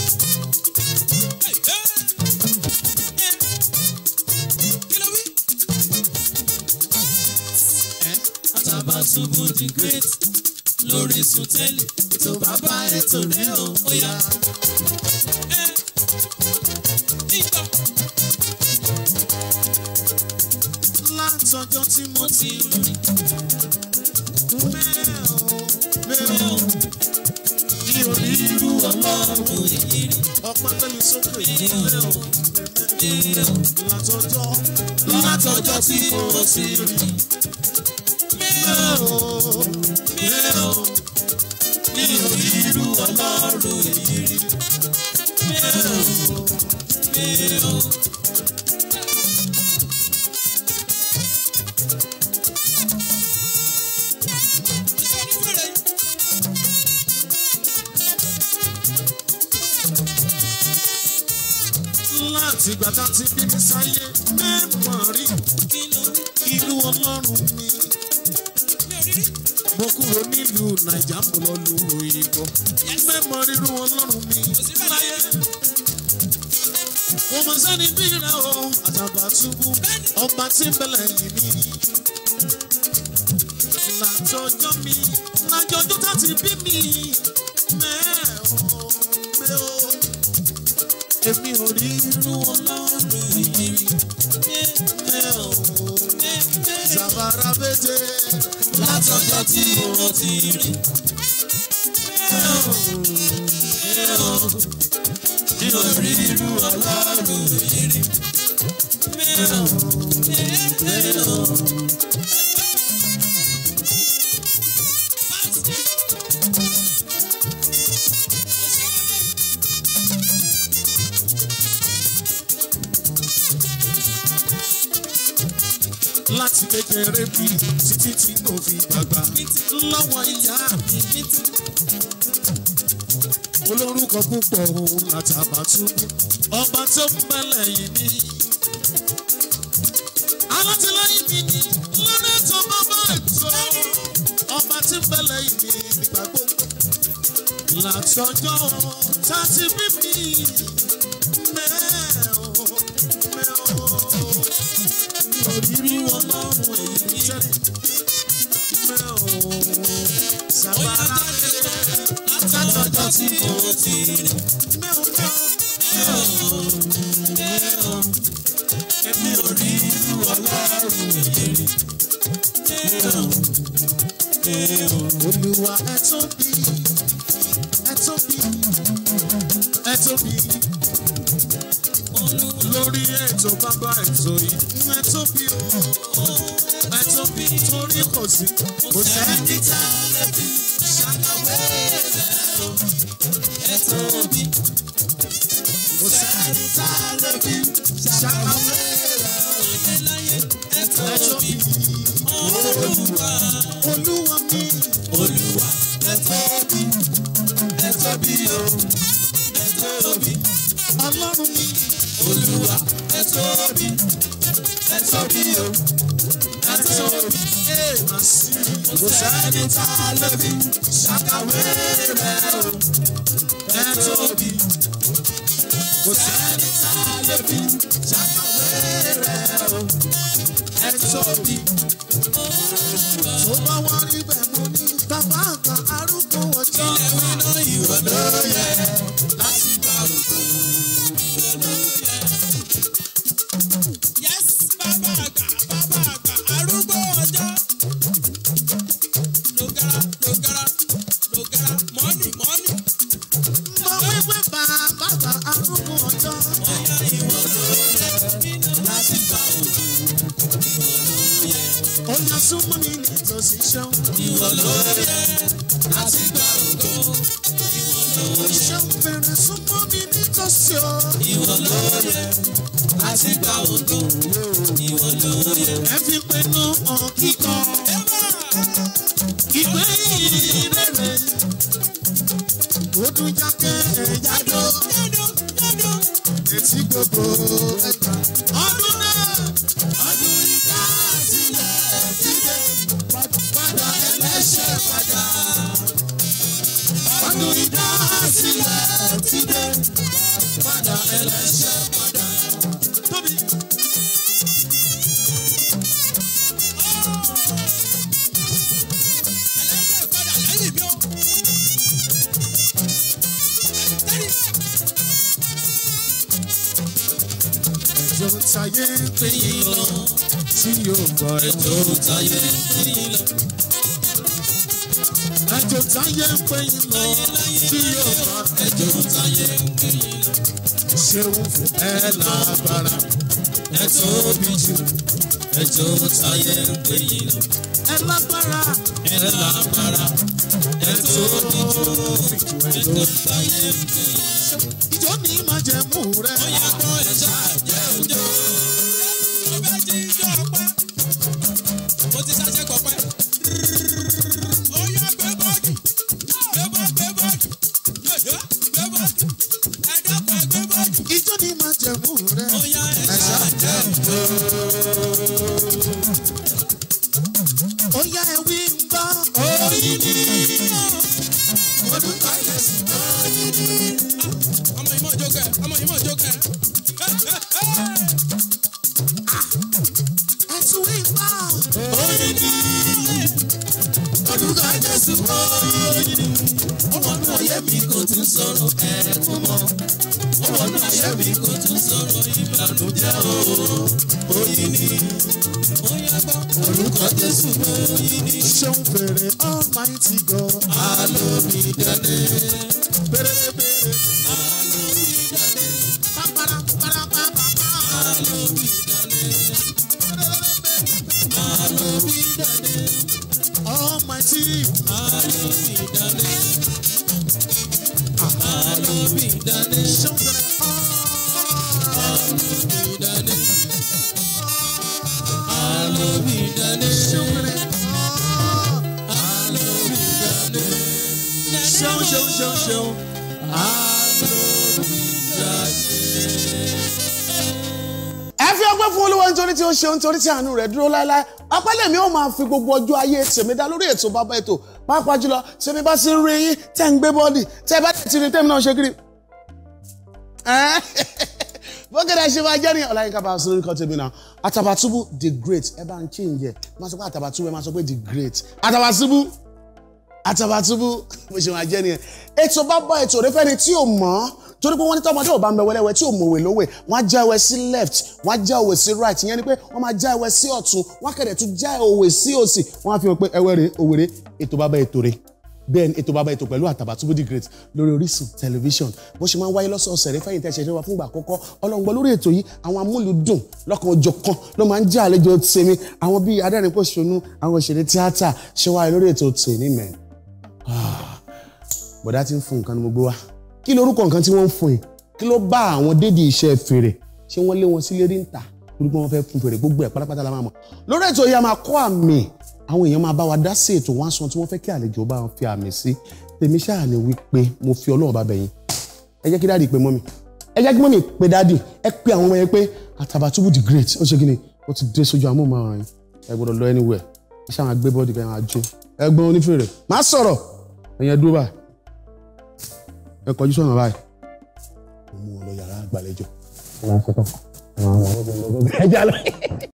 Àtàbàtúbú the great lórí sùtẹ́lì ètò bàbá ètò rẹ̀ ò bóyá. látọjọ́ tí mo ti rìn mẹ́ẹ̀ọ́ mẹ́ẹ̀ọ́ ọpọ́n pẹ̀lú sókè yìí rẹ̀ o. Látọjọ́ látọjọ́ tí mo sì rí. Mílẹ̀ o, mílẹ̀ o, mi ò rí irú ọlọ́run èyí rí. Mílẹ̀ o, mílẹ̀ o. àtìgbà tá ti bí mi sáyé mẹ́mọ̀ rí ìlú ọlọ́run mi. mo kúrò nílùú nàìjà mo lọ lu òyìnbó mẹ́mọ̀ rírú ọlọ́run mi. mo mọ sẹ́ni bí ra o Àtàbàtúbú ọba tí ń bẹ̀lẹ̀ yìí mi. látọjọ́ mi lájọjọ́ tá ti bí mi mẹ́ẹ̀ọ́ mẹ́ọ́ èmi ò rí Sàbàrà méje látọjọ́ tí mo ti rí. Mi ò rí irú ọlọ́run yìí rí. Mi ò rí irú ọlọ́run yìí rí. láti kékeré mi títí tí mo fi dàgbà. lọ́wọ́ ìyá mi. olórúkọ púpọ̀ òun l'Àtàbàtúbú ọba tó ń bẹ lẹ́yìn mi. alátìlẹ́yìn mi ni lórí ètò bàbá ètò ọba tí ń bẹ lẹ́yìn mi nígbà gbogbo. látọjọ́ tá a ti bí mi àwọn èyí ti ṣẹlẹ̀. Sàbàrà látọjọ́ tí mo ti rí. Èmi ò rí irú ọlọ́run èyí. Olúwa ẹ tóbi, ẹ tóbi, ẹ tóbi. Lórí ètò bàbá ètò yìí fún ẹ tó bí o ẹ tó bí torí kò sí kò sẹ́ni tá a lè bí ṣàkàwé rẹ̀ o ẹ tó bí kò sẹ́ni tá a lè bí ṣàkàwé. sókè o ẹni o èèmọ sí i kò sẹ́ni tá a lóbi ṣàkàwé rẹ o ẹni òbí kò sẹ́ni tá a lóbi ṣàkàwé rẹ o ẹni òbí. Mo bá wá níbẹ̀ mo ní bàbá àgbà arúgbó ọjọ́. Ilé wa náà ìwọ ló yẹ láti bá òkú. súnmọ́ mi ní ìtọ́sí ṣan. ìwọ ló yẹ láti gba ògo. ìwọ ló yẹ. ìṣẹ́ bẹ̀rẹ̀ súnmọ́ mi ní ìtọ́sí ọ. ìwọ ló yẹ láti gba ògo. ìwọ ló yẹ. ẹ fi pinnu hàn kíkọ. ìgbé yìí rere. ó jákè jádó. etí gbogbo. sílẹ̀ ti dé padà ẹlẹ́ṣẹ̀ lọ tí yóò gbọ́ ẹjọ́ táyé péye lọ ẹjọ́ táyé ń pè yín lọ tí yóò bá ẹjọ́ táyé ń pè yín lọ. ṣéun ẹ lábára ẹ tóbi jù ẹjọ́ táyé ń pè yín lọ. ẹ lágbára ẹ lágbára ẹ tóbi jù ẹjọ́ táyé ń pè yín lọ. ìjọ ni màjẹ̀mú rẹ̀. ó yà kọ́ ẹ̀ṣá. ó yá ẹ wí ń gbọ́ orí mi ọdún káyọ̀ sí báyìí ni. ọmọ ìmọ̀ jókè ọmọ ìmọ̀ jókè. Ah, ẹ tún wí ń gbọ́ orí mi ọdún káyọ̀ sí báyìí ni mi kò tún sọ̀rọ̀ ẹ̀kún mọ́. Owó náà ayé mi kò tún sọ̀rọ̀ ìbànújẹ́ o. Oyin ni orúkọ Jésù oyin ni. Ṣéun fèrè Almighty God. Àlọ́ mi jáde. Bèrè bèrè. Àlọ́ Pápára pápára pápá. Àlọ́ mi jáde. Bèrè Almighty. Àlọ́ mi ṣeun torí tí àánú rẹ̀ dúró láéláé ọpẹ́ lèmi ó máa fi gbogbo ọjọ́ ayé tèmi dá lórí ètò bàbá ètò pàápàá jùlọ ṣe bí bá ṣe ń rí yín tẹ́ ń gbé bọ́ọ̀lì tẹ́ bá ti rí tẹ́mi náà ṣe kiri. bókèdè ṣe máa jẹ́ nìyẹn ọ̀làyínká bá sọ̀rọ̀ nǹkan tèmi náà Àtàbàtúbù the great ẹ bá ń kí n yẹ má sọ pé Àtàbàtúbù ẹ má sọ pé the great Àtàbàtúbù Àtàbàtúbù bó ṣe máa jẹ́ nìyẹn ètò bá bá ètò rẹ fẹ́ni tí ò mọ̀ torí pé wọ́n ní tọ́mọdé ò bá ń bẹ wẹ́lẹ́wẹ́ tí ò mọ̀wé lówè wọ́n á já ẹwẹ́ sí left wọ́n á já ẹwẹ́ sí right ìyẹn ni pé wọ́n máa já ẹwẹ́ sí ọ̀tún wọ́n á kẹ̀dẹ̀ tún já ẹwẹ́ sí òsì wọ́n á fi hàn pé ẹwẹ́ rè òwe rè ètò bàbá ètò rè bẹ́ẹ̀ ni ètò bàbá ètò pẹ̀lú Àtàbàtúbú the great lórí Orísun tẹlifíṣọ̀n bó ṣe máa ń wáyé lọ́sọ̀ọ̀sẹ̀ rẹ fẹ́yìntì ẹ̀ṣẹ̀ ìjọba fúngbà àkọ́kọ́ ọlọ́ngbọ́n lórí ètò yìí àwọn amúlùdùn lọ́kàn ọjọ́ kan ló máa ń jẹ́ àlejò tèmi àwọn bíi adẹ́rìnpòṣónú àwọn òṣèré tíátà ṣe wáyé lórí ètò tèmi mẹ́ ah, bọ̀dá ti ń fún nǹkan ní gbogbo wa kí lorúkọ nǹkan tí wọ́n ń fún yìí kí ló bá àwọn dédìí iṣẹ́ fèrè ṣé wọ́n lé wọn sílé rí ń tà torí pé wọ́n fẹ́ fún fèrè gbogbo ẹ̀ pátápátá la máa mọ̀ lórí ètò yìí a máa kọ́ àmì àwọn èèyàn máa bá wa dá sí ètò wọn sọ tí wọ́n fẹ́ kí àlejò bá wọn fi àmì sí tèmi ṣáà ni wípé mo fi Ọlọ́run bá bẹ̀yìn ẹ jẹ́ kí dáàdì pé mọ́mì ẹ jẹ́ kí mọ́mì pé dáàdì ẹ pé àwọn ọmọ yẹn pé Àtàbàtúbù the great ó ṣe kí ni ó ti dé sójú amóhùnmáwòrán yẹn ẹ gbọ́dọ̀ lọ anywhere ẹ ṣáà máa gbé bọ́ọ̀dì bẹ́ẹ̀ máa jó ẹ gbọ́n onífèrè má sọ̀rọ̀ ẹ kọjú sọ̀nà báyìí mo mú wọn lọ yàrá àgbàlejò. ẹ máa ń sọ tán ẹ máa ń